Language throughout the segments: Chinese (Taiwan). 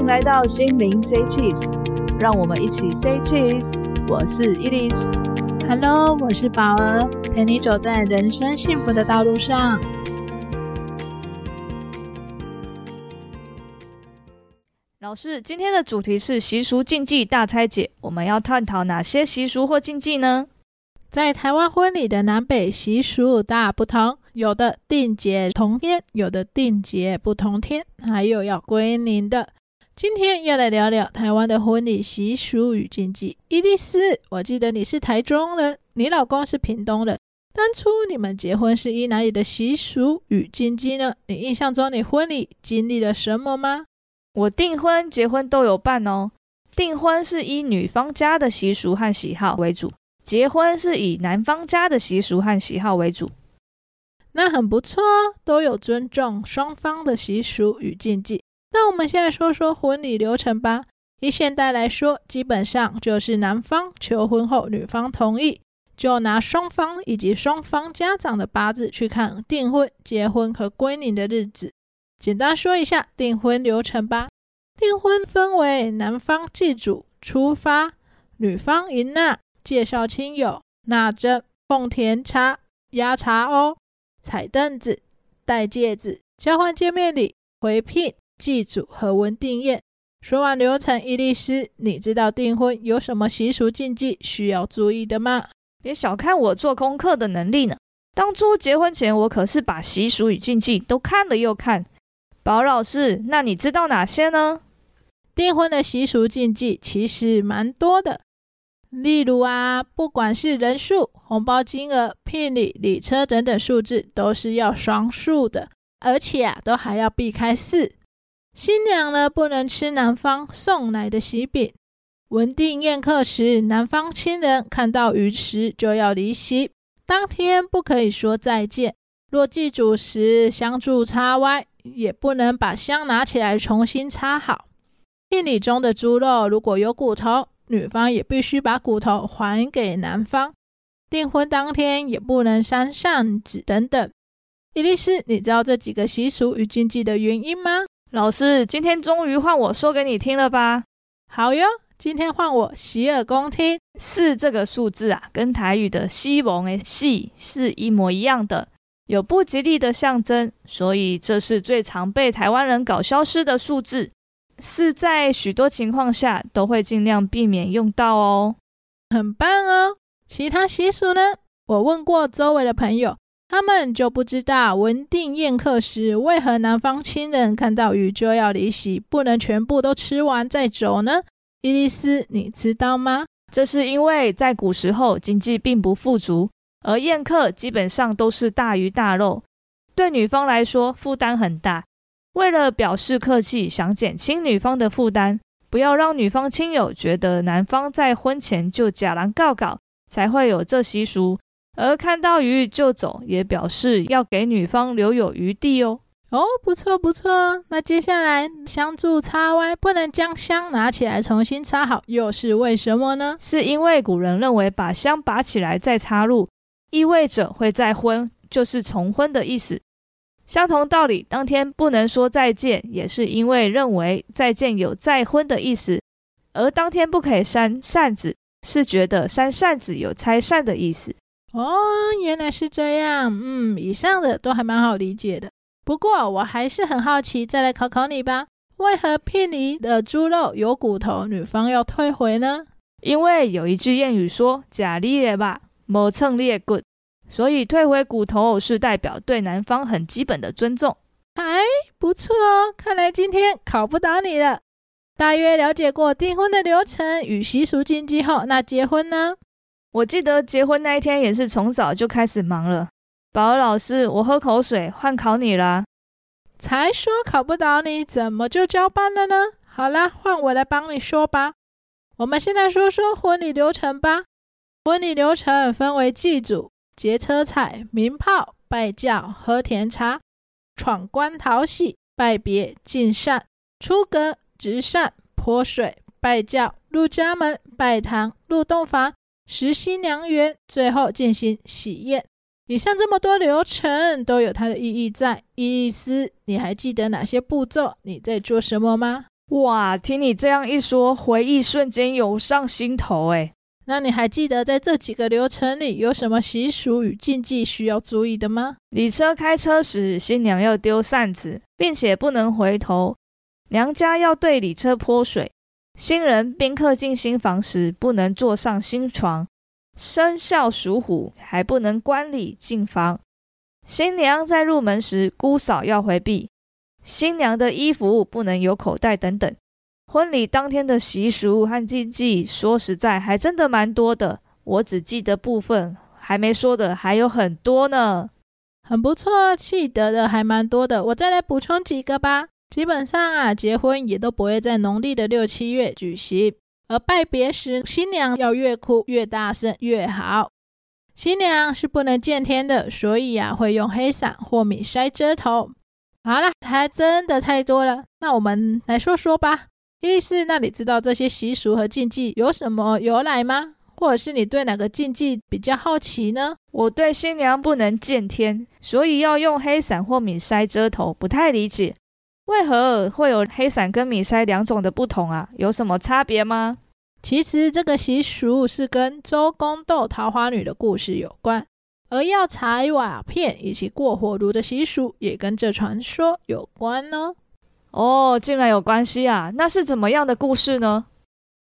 歡迎來到心靈 Say Cheese，讓我們一起 Say Cheese。我是伊莉絲，Hello，我是寶兒，陪你走在人生幸福的道路上。老師，今天的主題是習俗禁忌大拆解，我們要探討哪些習俗或禁忌呢？在台灣婚禮的南北習俗大不同，有的訂結同天，有的訂結不同天，還有要歸寧的。今天要來聊聊台灣的婚禮習俗與禁忌。伊莉絲，我記得你是台中人，你老公是屏東人。當初你們結婚是依哪裡的習俗與禁忌呢？你印象中你婚禮經歷了什麼嗎？我訂婚結婚都有辦哦。訂婚是依女方家的習俗和喜好為主，結婚是以男方家的習俗和喜好為主。那很不錯哦，都有尊重雙方的習俗與禁忌。那我們現在說說婚禮流程吧。以現代來說，基本上就是男方求婚後，女方同意，就拿雙方以及雙方家長的八字去看訂婚、結婚和歸寧的日子。簡單說一下訂婚流程吧。訂婚分為男方祭祖、出發，女方迎納、介紹親友、納徵、奉甜茶、壓茶哦、踩凳子、戴戒指、交換見面禮、回聘。祭祖和文定宴。說完流程，伊莉絲，你知道訂婚有什麼習俗禁忌需要注意的嗎？別小看我做功課的能力呢！當初結婚前，我可是把習俗與禁忌都看了又看。寶老師，那你知道哪些呢？訂婚的習俗禁忌其實蠻多的，例如啊，不管是人數、紅包金額、聘禮、禮車等等數字，都是要雙數的，而且啊，都還要避開四。新娘呢，不能吃男方送來的喜餅。文定宴客時，男方親人看到魚時，就要離席，當天不可以說再見。若祭祖時香柱插歪，也不能把香拿起來重新插好。聘禮中的豬肉如果有骨頭，女方也必須把骨頭還給男方。訂婚當天也不能扇扇子等等。伊莉絲，你知道這幾個習俗與禁忌的原因嗎？老師，今天終於換我說給你聽了吧？好喲，今天換我洗耳恭聽。四這個數字啊，跟台語的“死亡”的“死”是一模一樣的，有不吉利的象徵，所以這是最常被台灣人搞消失的數字，四在許多情況下都會盡量避免用到哦。很棒哦，其他習俗呢？我問過周圍的朋友。他們就不知道文定宴客時，為何男方親人看到魚就要離席，不能全部都吃完再走呢？伊莉絲，你知道嗎？這是因為，在古時候經濟並不富足，而宴客基本上都是大魚大肉，對女方來說負擔很大。為了表示客氣，想減輕女方的負擔，不要讓女方親友覺得男方在婚前就吃人夠夠，才會有這習俗。而看到魚就走，也表示要給女方留有餘地哦。哦，不錯不錯。那接下來香柱插歪，不能將香拿起來重新插好，又是為什麼呢？是因為古人認為把香拔起來再插入，意味着會再婚，就是重婚的意思。相同道理，當天不能說再見，也是因為認為再見有再婚的意思。而當天不可以扇扇子，是覺得扇扇子有拆散的意思。哦，原來是這樣。嗯，以上的都還蠻好理解的。不過我還是很好奇，再來考考你吧。為何聘禮的豬肉有骨頭，女方要退回呢？因為有一句諺語說：“吃你的肉，沒剩你的骨。”所以退回骨頭是代表對男方很基本的尊重。哎，不錯哦，看來今天考不倒你了。大約了解過訂婚的流程與習俗禁忌後，那結婚呢？我記得結婚那一天也是從早就開始忙了。寶兒老師，我喝口水，換考你啦。才說考不倒你，怎麼就交班了呢？好啦，換我來幫你說吧。我們先來說說婚禮流程吧。婚禮流程分為祭祖、結車彩、鳴炮、拜轎、喝甜茶、闖關討喜、拜別、敬善、出閣、執扇、潑水、拜轎、入家門、拜堂、入洞房。十新良緣，最後進行喜宴。以上這麼多流程都有它的意義在。伊莉絲，你還記得哪些步驟？你在做什麼嗎？哇，聽你這樣一說，回憶瞬間湧上心頭。哎，那你還記得在這幾個流程裡有什麼習俗與禁忌需要注意的嗎？禮車開車時，新娘要丟扇子，並且不能回頭。娘家要對禮車潑水。新人賓客進新房時不能坐上新床，生肖屬虎還不能觀禮進房。新娘在入門時姑嫂要回避，新娘的衣服不能有口袋等等。婚禮當天的習俗和禁忌，說實在還真的蠻多的，我只記得部分，還沒說的還有很多呢。很不錯，記得的還蠻多的，我再來補充幾個吧。基本上啊，結婚也都不會在農曆的六七月舉行。而拜別時，新娘要越哭越大聲越好。新娘是不能見天的，所以啊，會用黑傘或米篩遮頭。好啦，還真的太多了。那我們來說說吧。伊莉絲，那你知道這些習俗和禁忌有什麼由來嗎？或者是你對哪個禁忌比較好奇呢？我對新娘不能見天，所以要用黑傘或米篩遮頭，不太理解。為何會有黑傘跟米篩兩種的不同啊？有什麼差別嗎？其實這個習俗是跟周公鬥桃花女的故事有關，而要踩瓦片以及過火爐的習俗也跟這傳說有關呢、哦。哦，竟然有關係啊！那是怎麼樣的故事呢？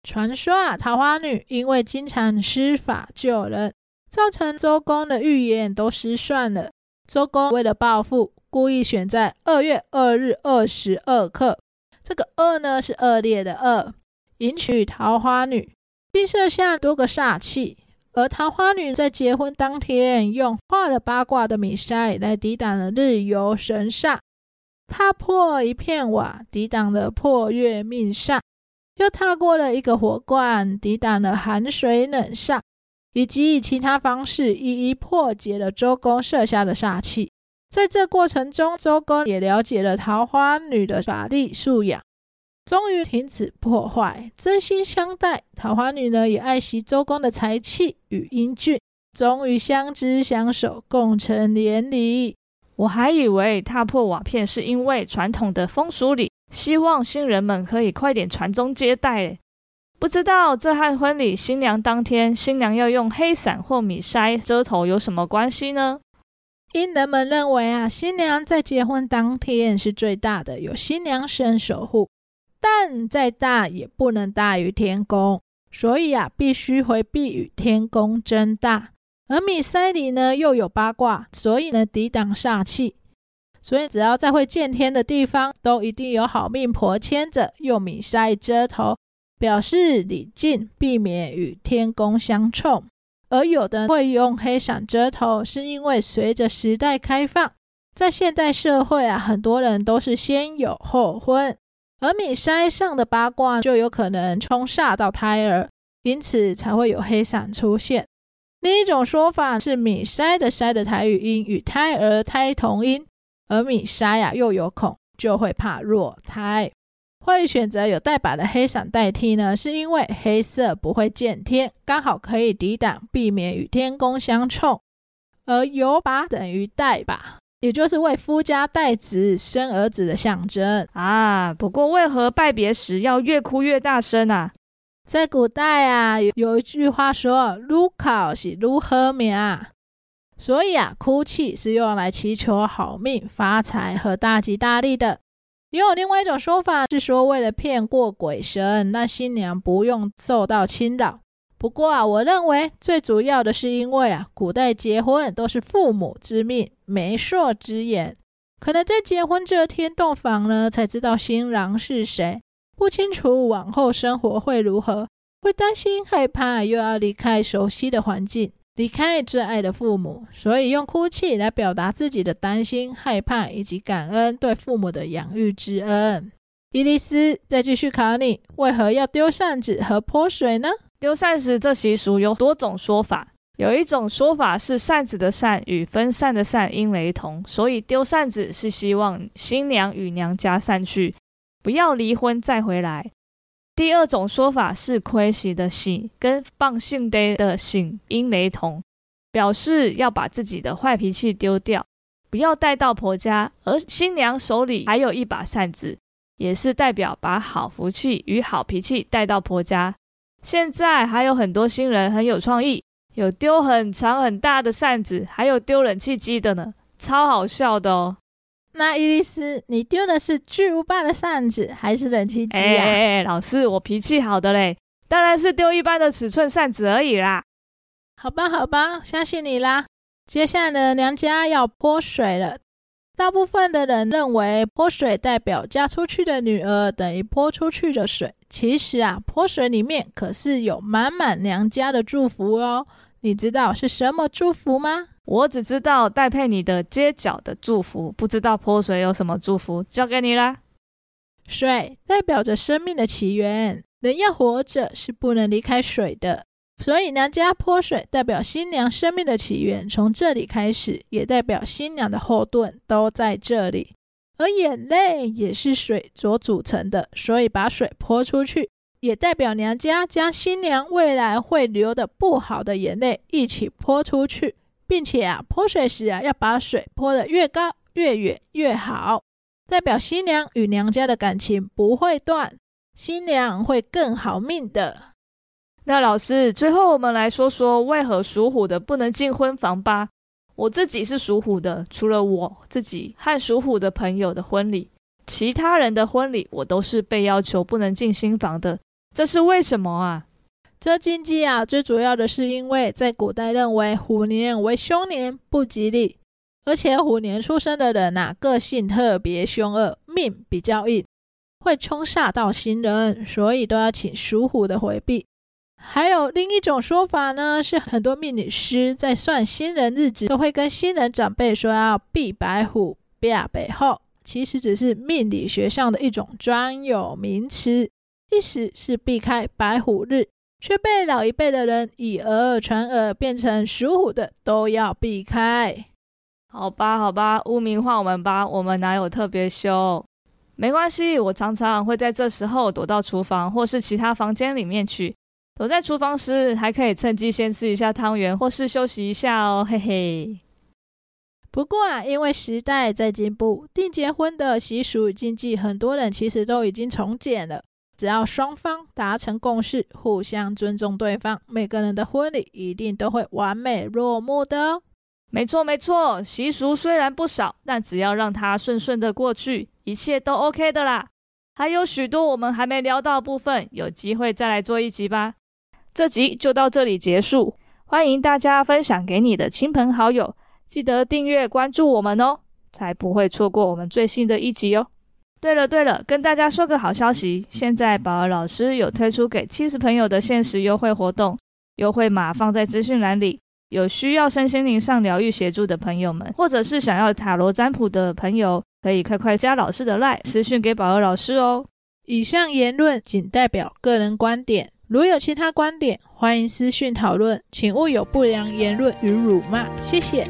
傳說啊，桃花女因為經常施法救人，造成周公的預言都失算了。周公為了報復。故意選在二月二日二時二刻，這個二呢是惡劣的惡，迎娶桃花女，並設下多個煞氣。而桃花女在結婚當天，用畫了八卦的米篩來抵擋了日遊神煞，踏破一片瓦抵擋了破月命煞，又踏過了一個火罐抵擋了寒水冷煞，以及以其他方式一一破解了周公設下的煞氣。在這過程中，周公也了解了桃花女的法力素養，終於停止破壞，真心相待。桃花女呢，也愛惜周公的才氣與英俊，終於相知相守，共成連理。我還以為踏破瓦片是因為傳統的風俗裡，希望新人們可以快點傳宗接代。不知道這和婚禮新娘當天新娘要用黑傘或米篩遮頭有什麼關係呢？因人們認為啊，新娘在結婚當天是最大的，有新娘神守護，但再大也不能大於天公，所以啊，必須回避與天公爭大。而米篩裡呢又有八卦，所以呢抵擋煞氣。所以只要在會見天的地方，都一定有好命婆牽着，用米篩遮頭，表示禮敬，避免與天公相沖。而有的人會用黑傘遮頭，是因為隨着時代開放，在現代社會啊，很多人都是先有後婚，而米篩上的八卦就有可能沖煞到胎兒，因此才會有黑傘出現。另一種說法是，米篩的篩的台語音與胎兒胎同音，而米篩呀、啊、又有孔，就會怕弱胎。會選擇有帶把的黑傘代替呢，是因為黑色不會見天，剛好可以抵擋，避免與天公相沖。而有把等於帶把，也就是為夫家帶子、生兒子的象徵啊。不過，為何拜別時要越哭越大聲啊？在古代啊，有一句話說：“越哭是越好命”，所以啊，哭泣是用來祈求好命、發財和大吉大利的。也有另外一種說法，是說為了騙過鬼神，那新娘不用受到侵擾。不過啊，我認為最主要的是因為啊，古代結婚都是父母之命，媒妁之言，可能在結婚這天洞房呢，才知道新郎是誰，不清楚往後生活會如何，會擔心害怕，又要離開熟悉的環境。離開摯愛的父母，所以用哭泣來表達自己的擔心、害怕以及感恩對父母的養育之恩。伊莉絲，再繼續考你，為何要丟扇子和潑水呢？丟扇子這習俗有多種說法，有一種說法是扇子的扇與分散的散音雷同，所以丟扇子是希望新娘與娘家散去，不要離婚再回來。第二種說法是“虧喜”的喜跟“放性呆”的性音雷同，表示要把自己的壞脾氣丟掉，不要帶到婆家。而新娘手裡還有一把扇子，也是代表把好福氣與好脾氣帶到婆家。現在還有很多新人很有創意，有丟很長很大的扇子，還有丟冷氣機的呢，超好笑的哦。那伊麗絲，你丟的是巨無霸的扇子還是冷氣機啊？哎，哎，老師，我脾氣好的嘞，當然是丟一般的尺寸扇子而已啦。好吧，好吧，相信你啦。接下來呢，娘家要潑水了，大部分的人認為潑水代表嫁出去的女兒等於潑出去的水。其實啊，潑水裡面可是有滿滿娘家的祝福哦。你知道是什麼祝福嗎？我只知道戴佩妮的《街角的祝福》，不知道潑水有什麼祝福，交給你啦。水代表着生命的起源，人要活着是不能離開水的，所以娘家潑水代表新娘生命的起源從這裡開始，也代表新娘的後盾都在這裡。而眼淚也是水所組成的，所以把水潑出去，也代表娘家將新娘未來會流的不好的眼淚一起潑出去，並且啊潑水時啊要把水潑得越高越遠越好，代表新娘與娘家的感情不會斷，新娘會更好命的。那老師，最後我們來說說為何屬虎的不能進婚房吧？我自己是屬虎的，除了我自己和屬虎的朋友的婚禮，其他人的婚禮我都是被要求不能進新房的。這是為什麼啊？這禁忌啊，最主要的是因為，在古代認為虎年為凶年，不吉利。而且虎年出生的人，啊，哪個性特別凶惡，命比較硬，會沖煞到新人，所以都要請屬虎的回避。還有另一種說法呢，是很多命理師在算新人日子，都會跟新人長輩說要避白虎，避啊背後，其實只是命理學上的一種專有名詞。意思是避開白虎日，卻被老一輩的人以訛傳訛，變成屬虎的都要避開。好吧，好吧，污名化我們吧，我們哪有特別凶？沒關係，我常常會在這時候躲到廚房或是其他房間裡面去。躲在廚房時，還可以趁機先吃一下湯圓，或是休息一下哦，嘿嘿。不過啊，因為時代在進步，訂結婚的習俗與禁忌，很多人其實都已經從簡了。只要雙方達成共識，互相尊重對方，每個人的婚禮一定都會完美落幕的哦。沒錯沒錯，習俗雖然不少，但只要讓它順順的過去，一切都 OK 的啦。還有許多我們還沒聊到的部分，有機會再來做一集吧。這集就到這裡結束，歡迎大家分享給你的親朋好友，記得訂閱關注我們哦，才不會錯過我們最新的一集哦。對了對了，跟大家說個好消息，現在寶兒老師有推出給起司朋友的限時優惠活動，優惠碼放在資訊欄裡。有需要身心靈上療癒協助的朋友們，或者是想要塔羅占卜的朋友，可以快快加老師的 line 私訊給寶兒老師哦。以上言論僅代表個人觀點，如有其他觀點，歡迎私訊討論，請勿有不良言論與辱罵，謝謝。